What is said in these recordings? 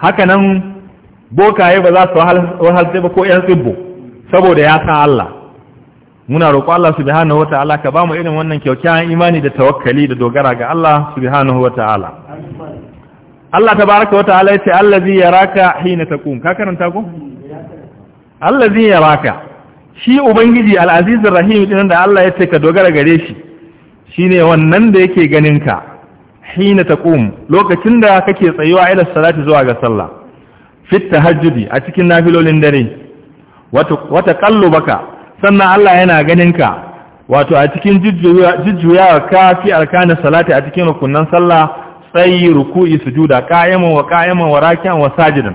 haka nan bokaye ba za su wahalce ba ko 'yan tsibbo saboda ya san Allah muna roƙo Allah subhanahu wa ta'ala ka ba mu irin wannan kyaukyawan imani da tawakkali da dogara ga Allah subhanahu wa ta'ala Allah ta baraka wa ta'ala ya allazi yaraka hina taqum ka karanta ko yara ka shi ubangiji al'azizin rahim ɗin da Allah ya ce ka dogara gare shi shi ne wannan da yake ganin ka hina taqum lokacin da kake tsayuwa ila salati zuwa ga sallah fit tahajjudi a cikin nafilolin dare wata baka sannan Allah yana ganinka wato a cikin jujjuyawa ka fi arkanin salati a cikin rukunan sallah tsayi ruku'i sujuda qa'iman wa qa'iman wa raki'an wa sajidan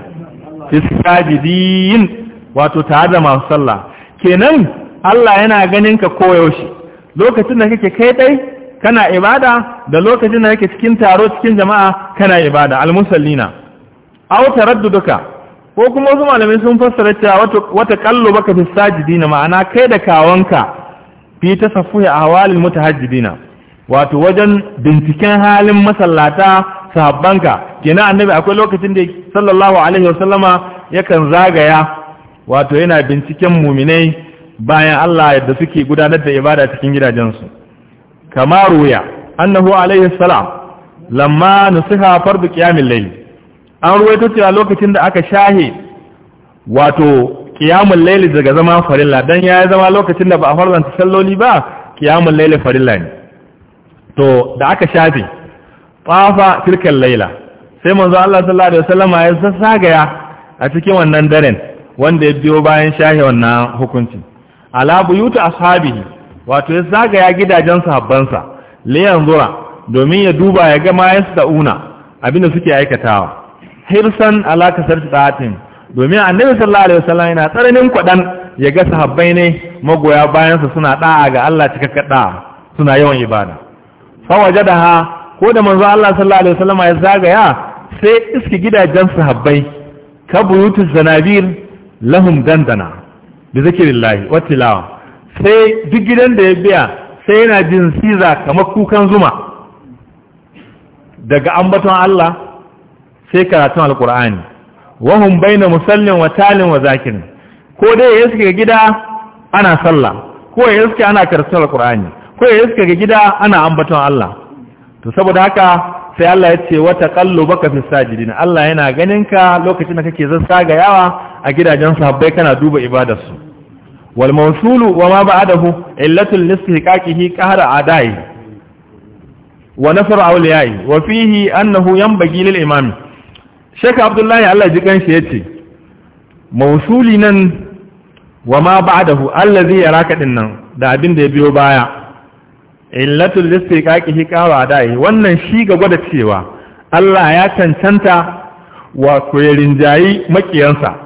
fisajidin wato tare da masu sallah kenan Allah yana ganin ganinka koyaushe lokacin da kake kai dai kana ibada da lokacin da yake cikin taro cikin jama'a kana ibada Al-Musalina, al-musallina aw taradduduka ko kuma wasu malamai sun fassara cewa wata kallo baka fi sajidina ma'ana kai da kawanka fi tasaffuhi ahwalil mutahajjidina wato wajen binciken halin masallata sahabbanka kina annabi akwai lokacin da sallallahu alaihi wasallama yakan zagaya wato yana binciken muminai bayan Allah yadda suke gudanar da ibada cikin gidajensu kamar ruya annahu alaihi salam lamma nusiha fardu qiyamil layl an ruwaito cewa lokacin da aka shahe wato qiyamul layl daga zama farilla dan ya zama lokacin da ba a farzanta salloli ba qiyamul layl farilla ne to da aka shafe tafa tilkal layla sai manzo Allah sallallahu alaihi wasallam ya sagaya a cikin wannan daren wanda ya biyo bayan shahe wannan hukunci ala buyuta ashabihi wato ya zagaya gidajen sahabbansa liyan zura domin ya duba ya gama ya su da'una abinda suke aikatawa hirsan alakasar tsatin domin annabi sallallahu alaihi wasallam yana tsananin kwadan ya ga sahabbai ne magoya bayan su suna da'a ga Allah cikakken da'a suna yawan ibada fa wajadaha ko da manzo Allah sallallahu alaihi wasallam ya zagaya sai iski gidajen sahabbai kabuyutu zanabir lahum dandana bi wa tilawa sai duk gidan da ya biya sai yana jin siza kamar kukan zuma daga ambaton Allah sai karatun alkur'ani wahun baina musallin wa talin wa zakin. ko dai ya suke gida ana sallah ko ya suke ana karatun alkur'ani ko ya suke gida ana ambaton Allah to saboda haka sai Allah ya ce wata kallo baka fi sajidin Allah yana ganinka lokacin da kake zan sagayawa a gidajen sahabbai kana duba ibadarsu wal mawsulu wa ma ba'dahu illatul listihqaqihi qahra adai wa nasr awliyai wa fihi annahu yanbaghi lil imam Sheikh Abdullahi Allah ji kanshi yace mawsuli nan wa ma zai allazi yaraka dinnan da abin da ya biyo baya illatul listihqaqihi qahra adai wannan shi ga gwada cewa Allah ya cancanta wa koyarin makiyansa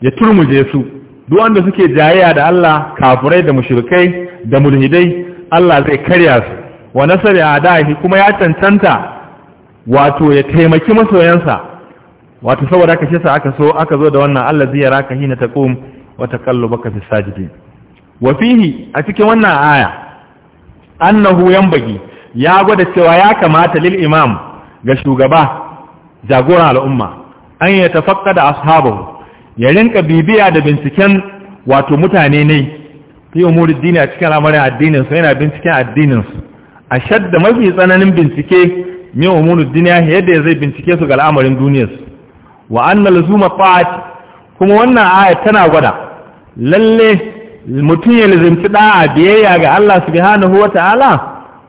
ya turmuje su duk wanda suke jayayya da Allah kafirai da mushrikai da mulhidai Allah zai karya su wa nasari adahi kuma ya cancanta wato ya taimaki masoyansa wato saboda aka shesa aka so aka zo da wannan Allah zai raka hina taqum wa taqallubaka fi sajidin wa fihi a cikin wannan aya annahu yanbagi ya gwada cewa ya kamata lil imam ga shugaba jagoran al'umma an ya tafaqqada ashabahu ya rinka bibiya da binciken wato mutane ne fi umuri dini a cikin al'amarin addinin su yana binciken addininsu. a shadda mafi tsananin bincike min umuri dini yadda zai bincike su ga al'amarin duniyarsu. su wa na lazuma ta'at kuma wannan aya tana gwada lalle mutum ya lazimci da'a biyayya ga Allah subhanahu wa ta'ala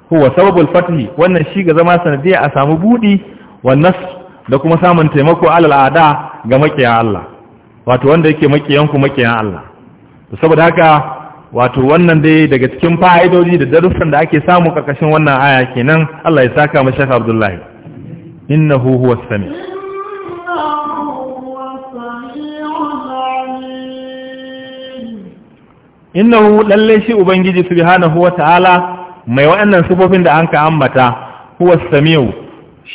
huwa sababul fatihi wannan shi ga zama sanadiyya a samu buɗi wa nas da kuma samun taimako alal'ada ga maƙiya Allah wato wanda yake makiyanku makiyan Allah saboda haka wato wannan dai daga cikin fa'idodi da darussan da ake samu karkashin wannan aya kenan Allah ya saka mu Sheikh Abdullahi innahu huwas sami innahu lalle shi ubangiji subhanahu wataala mai waɗannan sifofin da an ka ambata huwas sami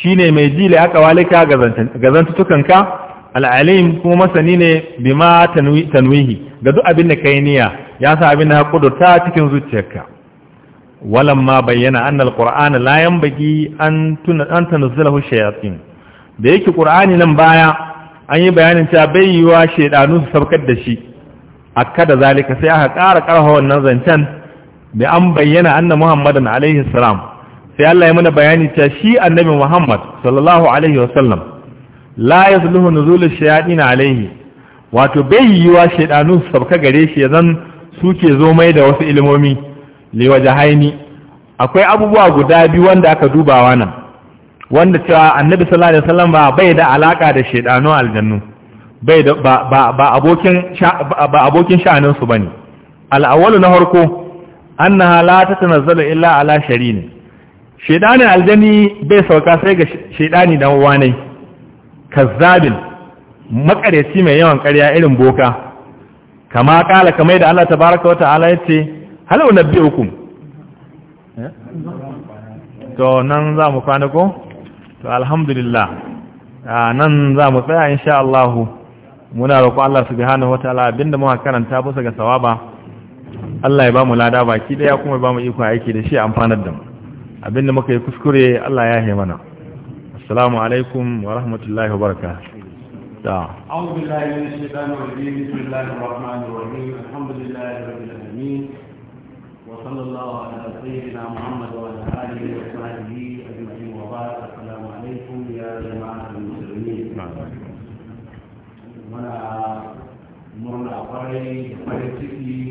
shine mai ji la aka walika ga ka? al'alim kuma masani ne bima tanwihi ga duk abin da ka yi niyya ya sa abin da kudurta cikin zuciyarka ma bayyana annal qur'ana layan bagi an tana hushe ya shayatin da yake ƙur'ani nan baya an yi bayanin cewa bai yiwa shaydanu su saukar da shi A kada zalika sai aka ƙara ƙarfa wannan zancen da an bayyana Muhammadu muhammadan alaihi salam sai Allah ya mana bayani cewa shi annabi muhammad sallallahu alaihi wasallam la yasluhu nuzul shayatin alaihi wato bai yiwa shaydanu sabka gare shi zan suke zo mai da wasu ilimomi liwajahaini akwai abubuwa guda biyu wanda aka dubawa nan wanda cewa annabi sallallahu alaihi wasallam ba bai da alaka da shaydanu aljannu bai da ba ba abokin ba abokin sha'anin su bane al-awwalu na farko annaha la tatanazzalu illa ala sharini shaydanin aljani bai sauka sai ga shaydani dan uwa ne kazzabin makareci mai yawan ƙarya irin boka kama ƙala kamar da Allah tabaraka wa ta'ala yace hal hukum to nan za mu kwana ko to alhamdulillah nan za mu tsaya insha Allah muna roƙo Allah subhanahu wataala abinda muka karanta bisa ga sawaba Allah ya ba mu lada baki ɗaya kuma ya ba mu iko aiki da shi amfanar da mu abinda muka yi kuskure Allah ya yi mana السلام عليكم ورحمة الله وبركاته أعوذ بالله من الشيطان الرجيم بسم الله الرحمن الرحيم الحمد لله رب العالمين وصلى الله على سيدنا محمد وعلى آله وصحبه أجمعين وبارك السلام عليكم يا جماعة المسلمين وانا مرنا قري قري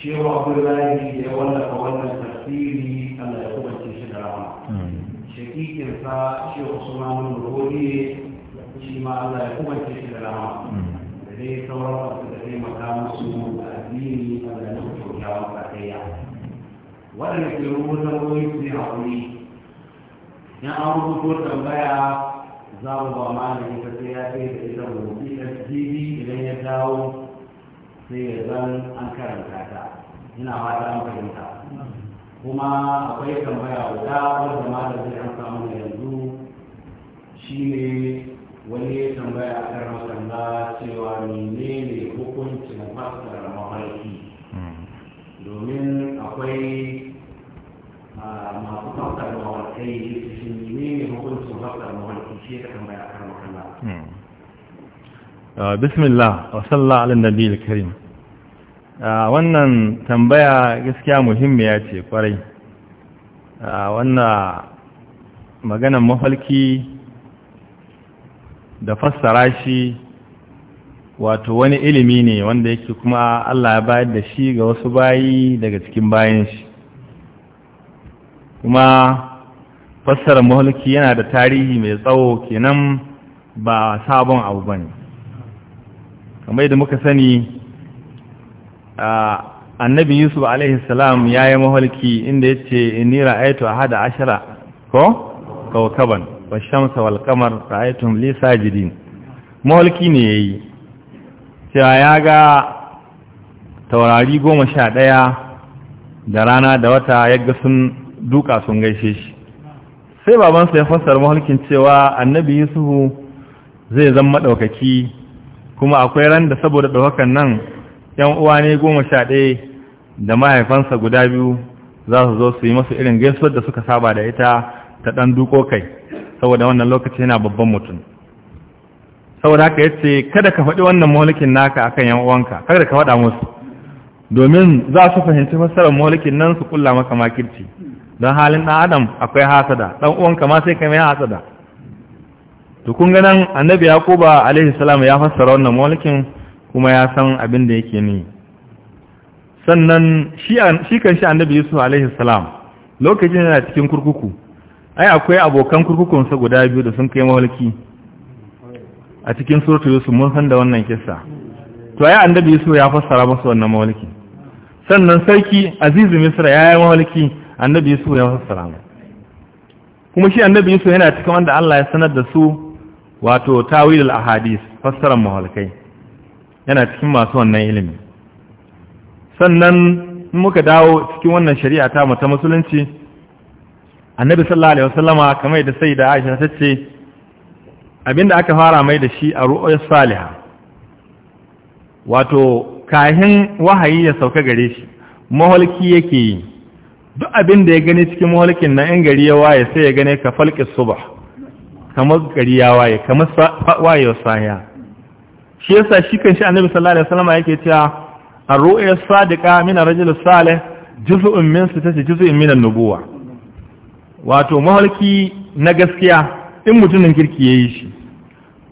shi wa abdullahi da ya wallafa wannan tafsiri Allah ya kuma ce shi da rama shakikin sa shi wa sunan ruhodi shi ma Allah ya kuma ce shi da rama da dai sauran wasu da taimaka musu da addini Allah ya kuma kyakkyawan kakaiya waɗanda ke rubuta ruwan su ne haƙuri in an rubuto tambaya za mu ba ma malamin ta sai ya kai da ita rubutu ta idan ya dawo sai ya zan an karanta ta ina fata an fahimta kuma akwai tambaya guda wanda malam zai an samu yanzu shi ne wani ya tambaya a kan masanda cewa ne hukuncin fasar mafarki domin akwai masu fasar mafarkai ne ne hukuncin fasar mafarki shi ya tambaya a kan masanda Ah, bismillah wa sallallahu ala nabiyil karim ah, wannan tambaya gaskiya muhimmiya ce kwarai ah, wannan maganan mafalki da fassara shi wato wani ilimi ne wanda yake kuma Allah ya bayar da shi ga wasu bayi daga cikin bayan shi kuma fassara mafalki yana da tarihi mai tsawo kenan ba sabon abu bane kamar da muka sani annabi yusuf alaihissalam ya yi maholki inda ya ce inni aito a hada ashira ko kawakaban wa shamsa wal kamar ra'aitun lisa jidin maholki ne ya yi cewa ya ga taurari goma sha ɗaya da rana da wata yadda sun duka sun gaishe shi sai babansa ya fassara maholkin cewa annabi Yusuf zai zama maɗaukaki. kuma akwai ran da saboda ɗaukakan nan ‘yan uwa ne goma sha ɗaya da mahaifansa guda biyu za su zo su yi masu irin gaisuwar da suka saba da ita ta ɗan duko kai saboda wannan lokaci yana babban mutum saboda haka ya ce, kada ka faɗi wannan mahalikin naka akan ‘yan uwanka kada ka faɗa musu domin za su fahimci fassarar mahalikin nan su kulla maka makirci don halin ɗan adam akwai hasada ɗan uwanka ma sai ka mai hasada to kun ga nan annabi yaquba alaihi salam ya fassara wannan mulkin kuma ya san abin da yake ni sannan shi shi kanshi annabi yusuf alaihi salam lokacin yana cikin kurkuku ai akwai abokan kurkukun sa guda biyu da sun kai mulki a cikin suratul yusuf mun san da wannan kissa to ai annabi yusuf ya fassara masu wannan mulkin sannan sarki azizu misra ya yi mahalki annabi yusuf ya fassara kuma shi annabi yusuf yana cikin wanda Allah ya sanar da su wato tawilul ahadis fassarar muhalkai yana cikin masu wannan ilimi sannan in muka dawo cikin wannan shari'a ta mu ta musulunci annabi sallallahu alaihi wasallama kamar da sai da Aisha ta ce abinda aka fara mai da shi a ru'ayar saliha wato kahin wahayi ya sauka gare shi mahalki yake yi duk abinda ya gani cikin maholkin nan in gari ya waye sai ya gane ka falqis subh kamar gari ya waye kamar wayewar sahiya shi yasa shi kan shi annabi sallallahu alaihi wasallam yake cewa ar-ru'ya sadiqa min ar-rajul salih juz'un min sitati juz'in min an-nubuwa wato mahalki na gaskiya in mutumin kirki yayi shi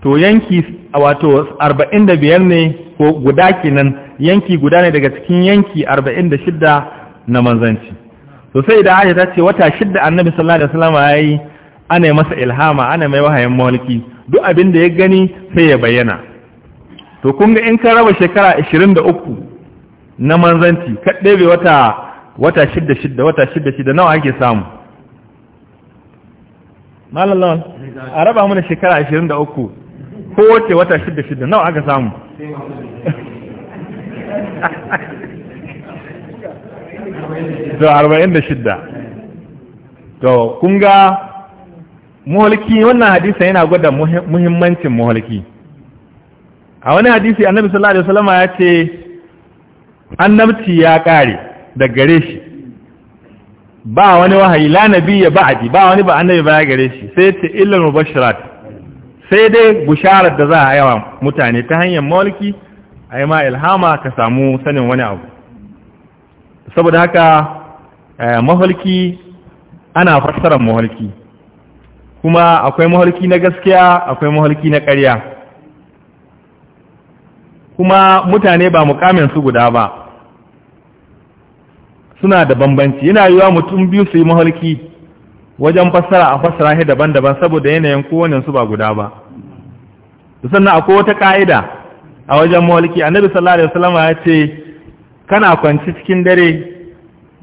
to yanki wato 45 ne ko guda kenan yanki guda ne daga cikin yanki 46 na manzanci to sai da aje ta ce wata shidda annabi sallallahu alaihi wasallam yayi ana yi masa ilhama ana mai wahayin mulki duk abin da ya gani sai ya bayyana to kun ga in ka raba shekara 23 na manzanci ka ɗebe wata wata shidda shidda wata shidda shidda nawa ake samu malalon a raba mana da shekara 23 ko wace wata shidda shidda nawa aka samu to 46 to kun ga muhalki wannan hadisin yana gwada muhimmancin muhalki a wani hadisi annabi sallallahu alaihi wasallam ya ce annabci ya kare da gare shi ba wani wahayi la ya ba'di ba wani ba annabi ba gare shi sai ya ce illa mubashirat sai dai bisharar da za a yawa mutane ta hanyar mulki ai ma ilhama ka samu sanin wani abu saboda haka eh, mahalki ana fassara mahalki kuma akwai mahalki na gaskiya akwai mahalki na ƙarya kuma mutane ba mukamin su guda ba suna da bambanci yana yiwa mutum biyu su yi mahalki wajen fassara a fassara shi daban-daban saboda yanayin kowane su ba guda ba sannan akwai wata ka'ida a wajen mahalki annabi sallallahu alaihi wasallam ya ce kana kwanci cikin dare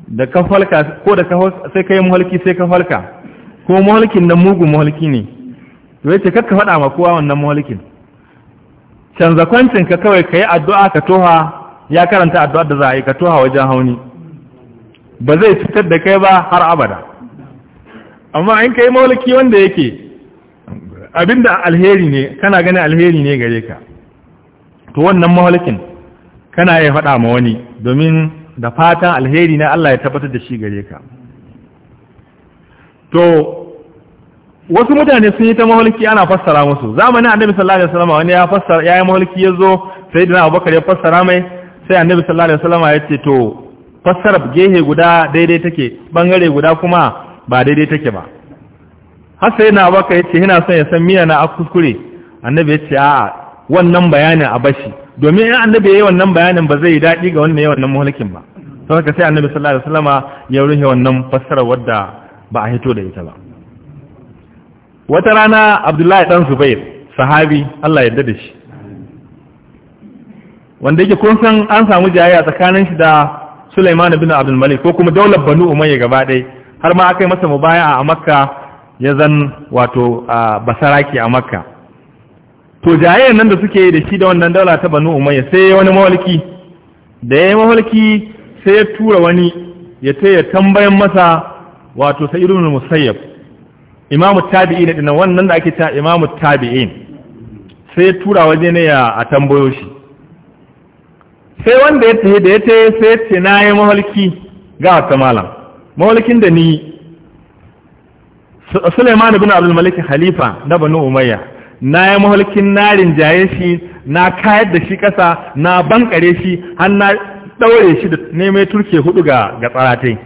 da ka falka ko da ka sai kai mahalki sai ka falka ko mulkin nan mugu mulki ne to yace kakka fada ma kowa wannan mahalikin canza kwancin ka kawai ka addu'a ka toha ya karanta addu'a da za a yi ka toha wajen hauni ba zai cutar da kai ba har abada amma in ka yi wanda yake abinda alheri ne kana gani alheri ne gare ka to wannan mulkin kana ya faɗa ma wani domin da fatan alheri na Allah ya tabbatar da shi gare ka to wasu mutane sun yi ta mahalki ana fassara musu zamanin annabi sallallahu alaihi wasallam wani ya fassara yayin mahalki yazo sai dana abubakar ya fassara mai sai annabi sallallahu alaihi wasallam ya ce to fassara gehe guda daidai take bangare guda kuma ba daidai take ba har sai na abubakar ya ce ina son ya san miya na kuskure annabi ya ce a'a wannan bayanin a bashi domin in annabi yayi wannan bayanin ba zai yi dadi ga wannan yawan mahalkin ba saboda sai annabi sallallahu alaihi wasallam ya ruhe wannan fassarar wadda ba a hito da ita ba wata rana abdullahi dan zubair sahabi Allah ya dade shi wanda yake kun san an samu jayayya tsakanin shi da Sulaiman bin Abdul Malik ko kuma daular Banu Umayya gaba har ma aka yi masa mubaya'a a Makka ya zan wato basaraki a Makka to jayayyan nan da suke da shi da wannan daular ta Banu Umayya sai wani mawalki da yayi mawalki sai ya tura wani ya yi tambayan masa wato Sa'id Musayyab imamu ne dinan wannan da ake cewa imamu tabi'i sai tura waje ne ya a tambayo shi sai wanda ya tafi da ya tafi sai ce na yi mahalki ga wata malam mahalkin da ni Suleiman ibn Abdul Malik Khalifa na Banu Umayya na yi mahalkin narin jaye shi na kayar da shi kasa na bankare shi har na daure shi da neman turke hudu ga ga tsaratai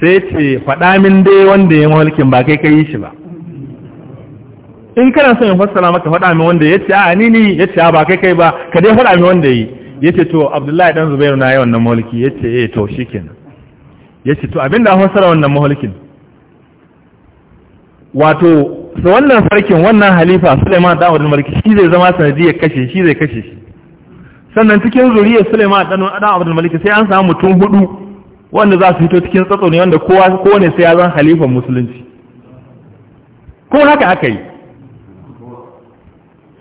sai ce faɗa min dai wanda ya mulkin ba kai kai shi ba in kana son ya fassara maka faɗa min wanda ya ce a ni ni ya ce a ba kai kai ba ka dai faɗa min wanda yi ya ce to abdullahi dan zubairu na yi wannan mulki ya ce eh to shi kenan ya ce to abinda an fassara wannan mulkin wato su wannan sarkin wannan halifa suleiman dan abdul malik shi zai zama sanadiyar kashe shi zai kashe shi sannan cikin zuriyar suleiman dan abdul malik sai an samu mutum hudu wanda za su fito cikin tsatso ne wanda kowa kowane sai ya zan halifan musulunci ko haka aka yi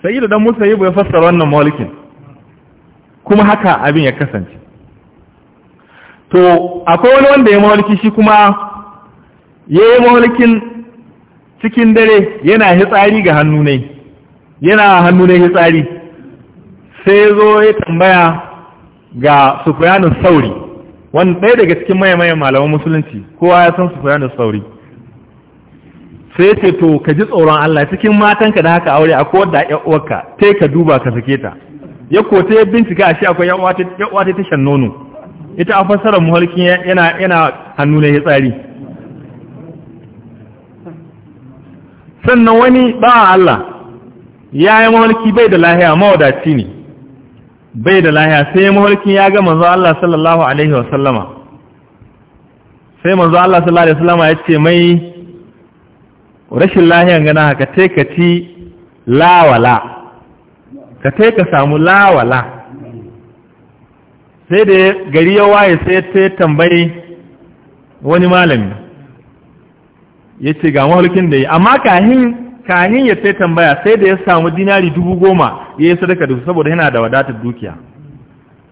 sai da dan musayi bai fassara wannan mulkin kuma haka abin ya kasance to akwai wani wanda ya mulki shi kuma ya yi mulkin cikin dare yana hitsari ga hannu ne yana hannu ne hitsari sai zo ya tambaya ga sufyanin sauri wani ɗaya daga cikin maye-maye malaman musulunci kowa ya san su fiya da sauri sai ce to ka ji tsoron Allah cikin matanka da haka aure akwai wadda ya uwarka ta ka duba ka sake ta ya kota ya bincika a shi akwai ya ta tashan nono ita a fassarar muhalki yana yana hannu na tsari sannan wani ba Allah ya yi muhalki bai da lahiya mawadaci ne bai da lahiya sai mafarkin ya ga manzo Allah sallallahu alaihi wasallama sai manzo Allah sallallahu alaihi wasallama ya ce mai rashin lahiyan gana haka te ka ci lawala ka te ka samu lawala sai da gari ya waye sai ta tambayi wani malami ya ce ga mahalkin da yi amma kahin kahin ya ta tambaya sai da ya samu dinari dubu goma ya yi sadaka da su saboda yana da wadatar dukiya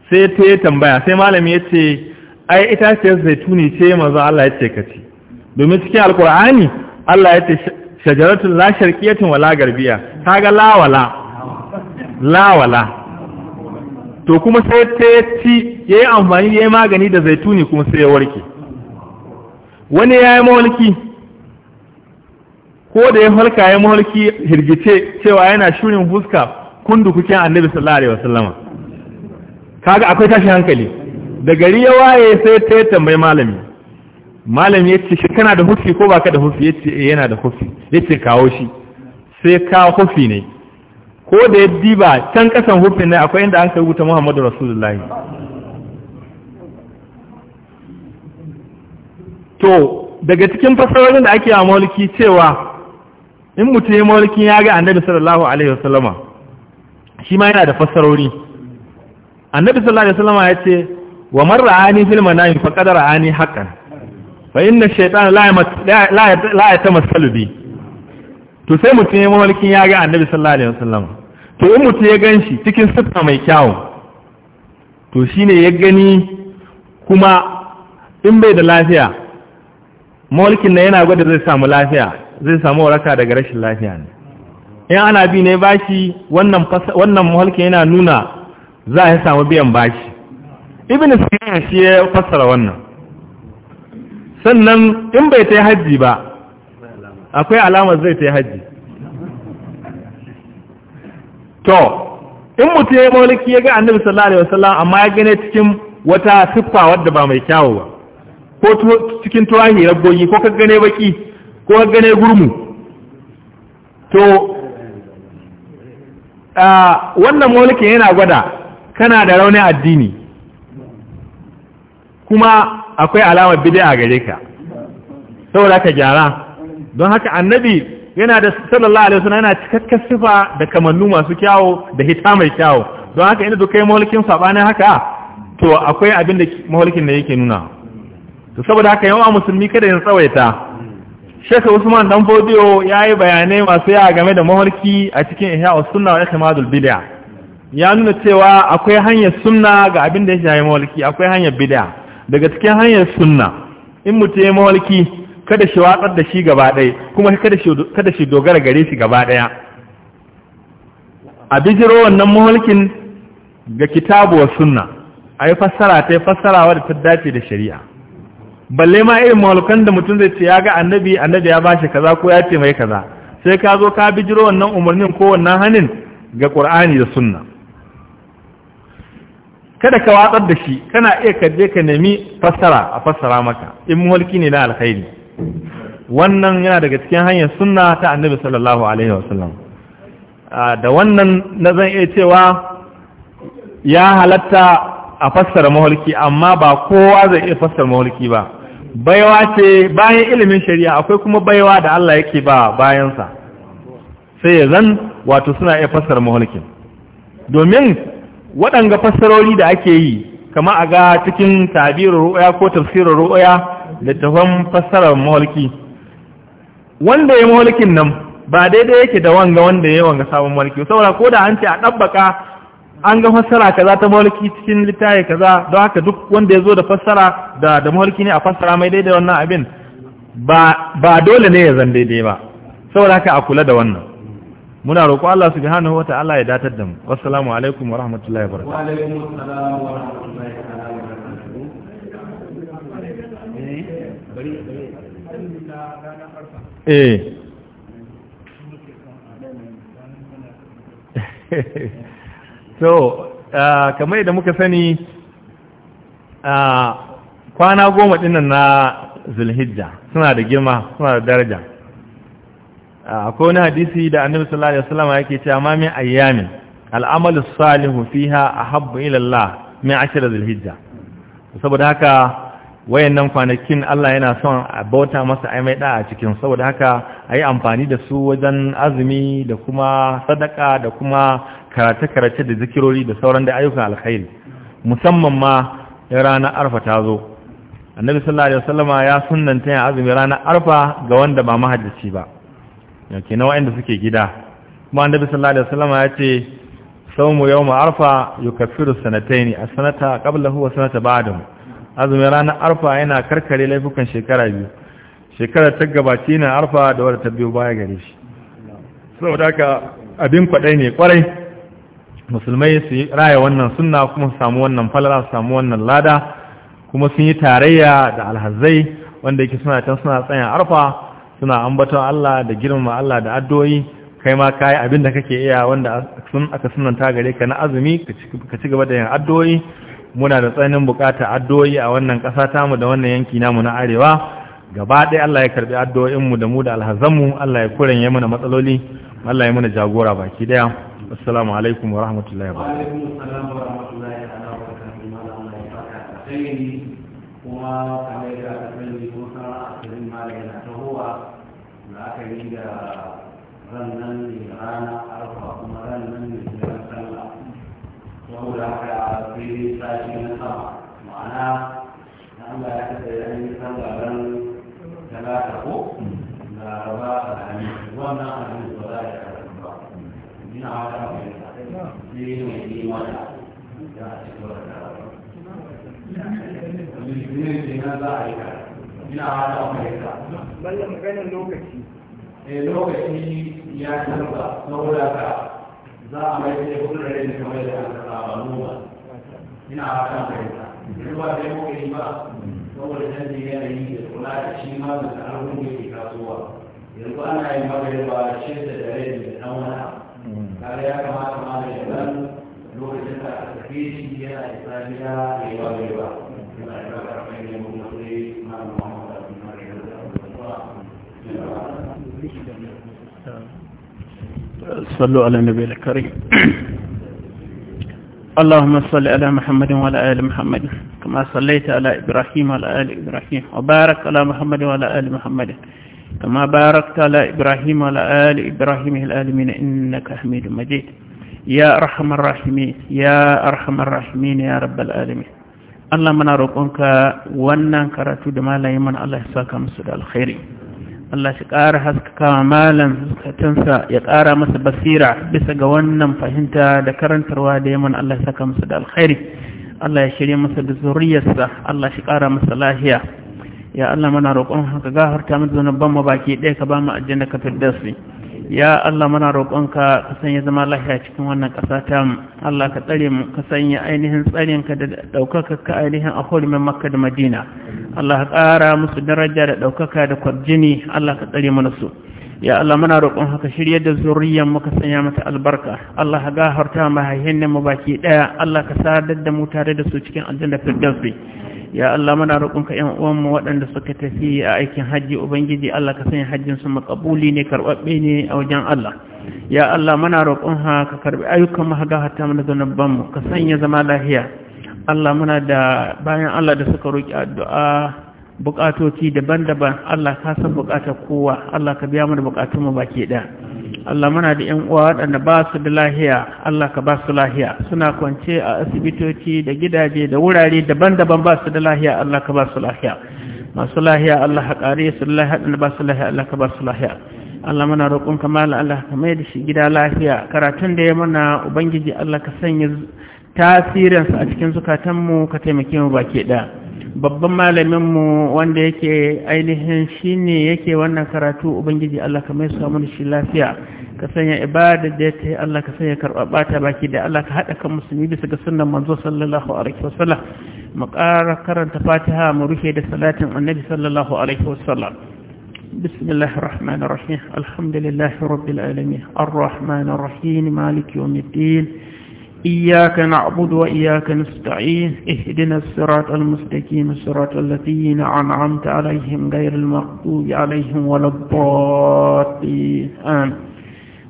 sai ta yi tambaya sai malami ya ce ai itaciyar zaituni ce maza Allah ya ce ka ci domin cikin alkur'ani Allah ya ce shajaratun la sharqiyatin wala garbiya kaga la wala la to kuma sai ta ci ya yi amfani yi magani da zaituni kuma sai ya warke wani ya yi mawalki ko da ya halka ya yi mawalki hirgice cewa yana shirin fuska kundukukin annabi sallallahu alaihi wasallam kaga akwai tashi hankali da gari ya waye sai ta yi tambayi malami malami ya ce shi kana da hufi ko baka da hufi ya ce eh, yana da hufi ya ce kawo shi sai ka hufi ne ko da ya diba can kasan hufin ne akwai inda an ka rubuta muhammadu rasulullahi to daga cikin fasarorin da ake wa mulki cewa in mutum ya mulkin ya ga annabi sallallahu alaihi wasallama shi ma yana da fassarori annabi sallallahu alaihi wasallam ya ce wa man ra'ani fil manami faqad ra'ani haqqan fa inna ash-shaytana la yatamassalu bi to sai mutum ya mulkin ya ga annabi sallallahu alaihi wasallam to in mutum ya ganshi cikin sifa mai kyau, to shine ya gani kuma in bai da lafiya mawalkin na yana gwada zai samu lafiya zai samu waraka daga rashin lafiya ne in ana bi ne bashi wannan wannan yana nuna za a samu biyan bashi ibn sirin shi ya fassara wannan sannan in bai ta yi ba akwai alamar zai ta yi hajji to in mutum ya yi ya ga annabi sallallahu alaihi wasallam amma ya gane cikin wata siffa wadda ba mai kyawu ba ko cikin tuwahi ragoyi ko ka gane baki ko ka gane gurmu to wannan mulkin yana gwada kana da raunin addini kuma akwai alamar bid'a gare ka saboda ka gyara don haka annabi yana da sallallahu alaihi wasallam yana cikakken sifa da kamannu masu kyawo da hita mai kyawo don haka inda dukai maulikin sabanin haka to akwai abin da mulkin da yake nuna to saboda haka yawa musulmi kada yin tsawaita Sheikh Usman dan Bodio yayi bayanai masu yawa game da mafarki a cikin Ihya sunna wa Ikmadul Bid'a. Ya nuna cewa akwai hanyar sunna ga abin da ya shafi mafarki, akwai hanyar bid'a. Daga cikin hanyar sunna in mutum ya mafarki kada shi watsar da shi gaba ɗaya kuma kada shi kada shi dogara gare shi gaba ɗaya. A bijiro wannan mafarkin ga kitabu wa sunna. ayi fassara ta fassarawa da ta dace da shari'a. balle ma irin malukan da mutum zai ce ya ga annabi annabi ya bashi kaza ko ya ce mai kaza sai ka zo ka bijiro wannan umarnin ko wannan hanin ga ƙur'ani da sunna kada ka watsar da shi kana iya ka je ka nemi fassara a fassara maka in mulki ne na alkhairi wannan yana daga cikin hanyar sunna ta annabi sallallahu alaihi wasallam da wannan na zan iya cewa ya halatta a fassara mahulki amma ba kowa zai iya fassara mahulki ba baiwa ce bayan ilimin shari'a akwai kuma baiwa da Allah yake ba bayansa sai ya zan wato suna iya fassar mahulkin domin waɗanga fassarori da ake yi kama a ga cikin tabirin ru'aya ko tafsirin ru'aya da tafan fassarar mahulki wanda ya mahulkin nan ba daidai yake da wanga wanda ya wanga sabon mahulki saboda ko da an ce a ɗabbaka an ga fassara kaza ta mawarki cikin littafi kaza don haka duk wanda ya zo da fassara da da mawarki ne a fassara mai daidai wannan abin ba dole ne ya zan daidai ba saboda haka a kula da wannan muna roƙo Allah subhanahu wa ta'ala ya datar da mu assalamu alaikum wa rahmatullahi wa barakatuh wa alaikum assalam wa rahmatullahi wa barakatuh eh eh so uh, kamar yadda muka sani uh, kwana goma dinnan na zulhijja suna da girma suna da daraja uh, akwai wani hadisi da annabi sallallahu alaihi wasallam yake cewa ma min ayyamin al'amal salih fiha ahabbu ila Allah min da zulhijja saboda haka wayannan kwanakin Allah yana son a bauta masa ai mai da a cikin saboda haka ayi amfani da su wajen azumi da kuma sadaka da kuma karace-karace da zikirori da sauran da ayyukan alkhairi musamman ma ranar arfa ta zo annabi sallallahu alaihi wasallam ya sunnanta ya azumi ranar arfa ga wanda ba mahajjaci ba yake na wayanda suke gida kuma annabi sallallahu alaihi wasallam ya ce sawmu yawma arfa yukaffiru sanataini as-sanata qablahu wa sanata ba'dahu azumin ranar arfa yana karkare laifukan shekara biyu shekara ta gabaci na arfa da wadda ta biyu baya gare shi saboda haka abin kwadai ne kwarai musulmai su raya wannan sunna kuma su samu wannan falala su samu wannan lada kuma sun yi tarayya da alhazai wanda yake suna can suna tsayin arfa suna ambaton Allah da girmama Allah da addu'o'i kai ma kai abin da kake iya wanda sun aka sunanta gare ka na azumi ka ci gaba da yin addu'o'i muna da tsananin bukata addu'o'i a wannan ƙasa tamu da wannan yanki namu na arewa gaba ɗaya Allah ya karbi mu da mu da alhazanmu Allah ya kuren ya mana matsaloli Allah ya mana jagora baki daya السلام عليكم ورحمة الله وبركاته وعليكم السلام ورحمة الله وبركاته da lokaci ya canza saboda ka za a mai da kudin kamar da aka saba noma ina mai duk ba sai yi ba saboda yanayi da kula da shi ma da da ke kasuwa yanzu ana yi magana ba shi da dare da wani abu صلوا على النبي الكريم اللهم صل على محمد وعلى آل محمد كما صليت على إبراهيم وعلى آل إبراهيم وبارك على محمد وعلى آل محمد, كما باركت على إبراهيم وعلى آل إبراهيم العالمين إنك حميد مجيد يا أرحم الراحمين يا أرحم الراحمين يا رب العالمين Allah muna roƙonka wannan karatu da malayi mana Allah ya saka musu da alkhairi Allah shi ƙara haskaka wa malam zukatansa ya ƙara masa basira bisa ga wannan fahimta da karantarwa da yaman Allah ya saka musu da alkhairi Allah ya shirya masa da zuriyarsa Allah shi ƙara masa lahiya ya Allah mana roƙon ka gafarta mana zanabban mu baki ɗaya ka ba mu aljanna ka firdausi ya Allah mana roƙon ka sanya zama lafiya cikin wannan ƙasa ta mu Allah ka tsare mu ka sanya ainihin tsarin ka da ɗaukaka ka ainihin a hurumin Makka da Madina Allah ka ƙara musu daraja da ɗaukaka da kwarjini Allah ka tsare mana su ya Allah muna roƙon haka shirya da zuriyar ka sanya mata albarka Allah ga harta mahaihin mu baki ɗaya. Allah ka sadar da mu tare da su cikin aljanna firdausi ya Allah muna roƙonka ƴan uwanmu waɗanda suka tafi a aikin hajji ubangiji Allah ka sanya hajjin su makabuli ne karɓaɓɓe ne a wajen Allah ya Allah muna ha ka karɓi ayyukan mu haga hatta mana zanabban banmu ka sanya zama lahiya Allah muna da bayan Allah da suka roƙi addu'a bukatoci daban-daban Allah ka san bukatar kowa Allah ka biya mana bukatun mu baki ɗaya Allah muna da ‘yan uwa waɗanda ba su da lahiya, Allah ka ba su lahiya, suna kwance a asibitoci da gidaje da wurare daban-daban ba su da lahiya, Allah ka ba su lahiya. Masu lahiya Allah ka ƙare su da lahiya waɗanda ba su lahiya, Allah ka ba su lahiya. Allah muna roƙon kamala Allah ka mai da shi gida lahiya, karatun da ya mana Ubangiji Allah ka sanya tasirinsa a cikin zukatanmu ka taimake mu baki ɗaya. babban malaminmu wanda yake ainihin shi ne yake wannan karatu ubangiji Allah ka mai samun shi lafiya ka sanya ibada da ya tayi Allah ka sanya karɓaɓa ta baki da Allah ka haɗa kan musulmi bisa ga sunan manzo sallallahu alaihi wasallam mu ƙara karanta fatiha mu rufe da salatin annabi sallallahu alaihi wasallam بسم الله الرحمن الرحيم الحمد لله رب العالمين الرحمن الرحيم مالك يوم الدين إياك نعبد وإياك نستعين اهدنا الصراط المستقيم الصراط الذين أنعمت عليهم غير المغضوب عليهم ولا الضالين آمين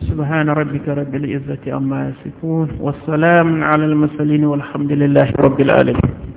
سبحان ربك رب العزة عما يصفون والسلام على المرسلين والحمد لله رب العالمين